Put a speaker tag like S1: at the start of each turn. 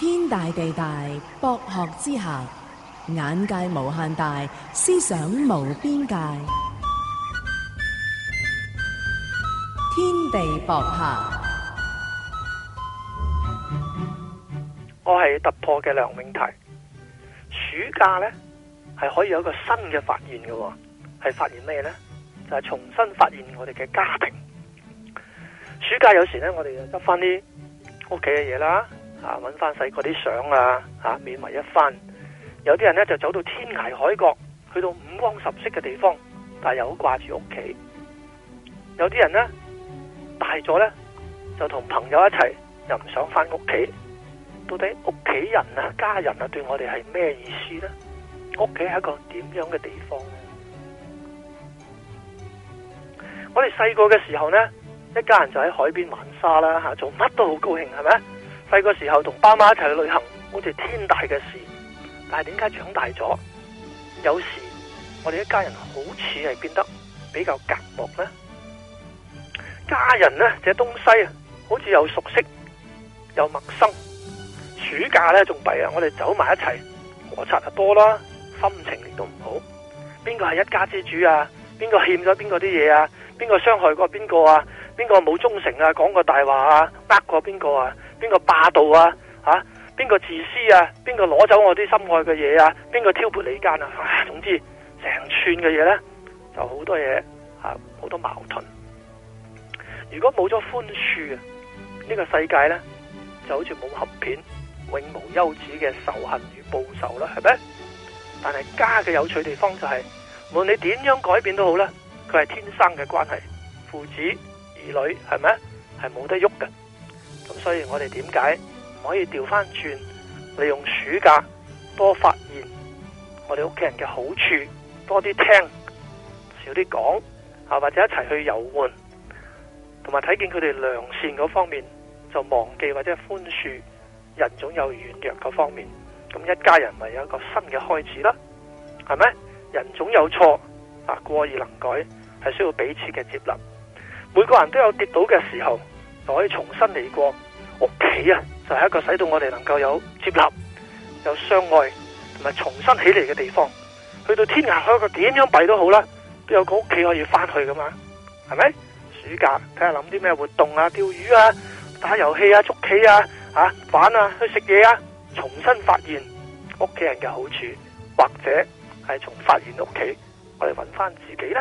S1: 天大地大，博學之下，眼界無限大，思想無邊界。天地博客，我係突破嘅梁永泰。暑假咧係可以有一個新嘅發現嘅，係發現咩咧？就係重新發現我哋嘅家庭。暑假有時咧，我哋就執翻啲屋企嘅嘢啦。啊！揾翻細個啲相啊！啊，緬懷一番。有啲人呢，就走到天涯海角，去到五光十色嘅地方，但係又好掛住屋企。有啲人呢，大咗呢，就同朋友一齊，又唔想翻屋企。到底屋企人啊、家人啊，對我哋係咩意思呢？屋企係一個點樣嘅地方呢？我哋細個嘅時候呢，一家人就喺海邊玩沙啦，吓、啊、做乜都好高興，係咪？細個時候同爸媽一齊去旅行，好似天大嘅事。但係點解長大咗，有時我哋一家人好似係變得比較隔膜呢？家人呢，這東西啊，好似又熟悉又陌生。暑假咧，仲弊啊，我哋走埋一齊，摩擦就多啦，心情亦都唔好。邊個係一家之主啊？邊個欠咗邊個啲嘢啊？邊個傷害過邊個啊？邊個冇忠誠啊？講過大話啊？呃過邊個啊？邊個霸道啊？吓、啊，邊個自私啊？邊個攞走我啲心愛嘅嘢啊？邊個挑撥離間啊、啊？總之，成串嘅嘢呢，就好多嘢吓，好、啊、好多矛盾。如果冇咗寬恕啊，呢個世界呢，就好似冇合片，永無休止嘅仇恨與報仇啦，係咪？但係家嘅有趣地方就係，無論你點樣改變都好啦，佢係天生嘅關係，父子、兒女，係咪？係冇得喐嘅。所以我哋點解唔可以調翻轉？利用暑假多發現我哋屋企人嘅好處，多啲聽，少啲講，啊或者一齊去遊玩，同埋睇見佢哋良善嗰方面，就忘記或者寬恕，人總有軟弱嗰方面。咁一家人咪有一個新嘅開始啦？係咩？人總有錯啊，過而能改，係需要彼此嘅接納。每個人都有跌倒嘅時候。可以重新嚟過屋企啊，就係、是、一個使到我哋能夠有接納、有相愛同埋重新起嚟嘅地方。去到天涯海角點樣避都好啦，都有個屋企可以翻去噶嘛，係咪？暑假睇下諗啲咩活動啊，釣魚啊，打遊戲啊，捉棋啊，吓、啊、玩啊，去食嘢啊，重新發現屋企人嘅好處，或者係從發現屋企，我哋揾翻自己呢。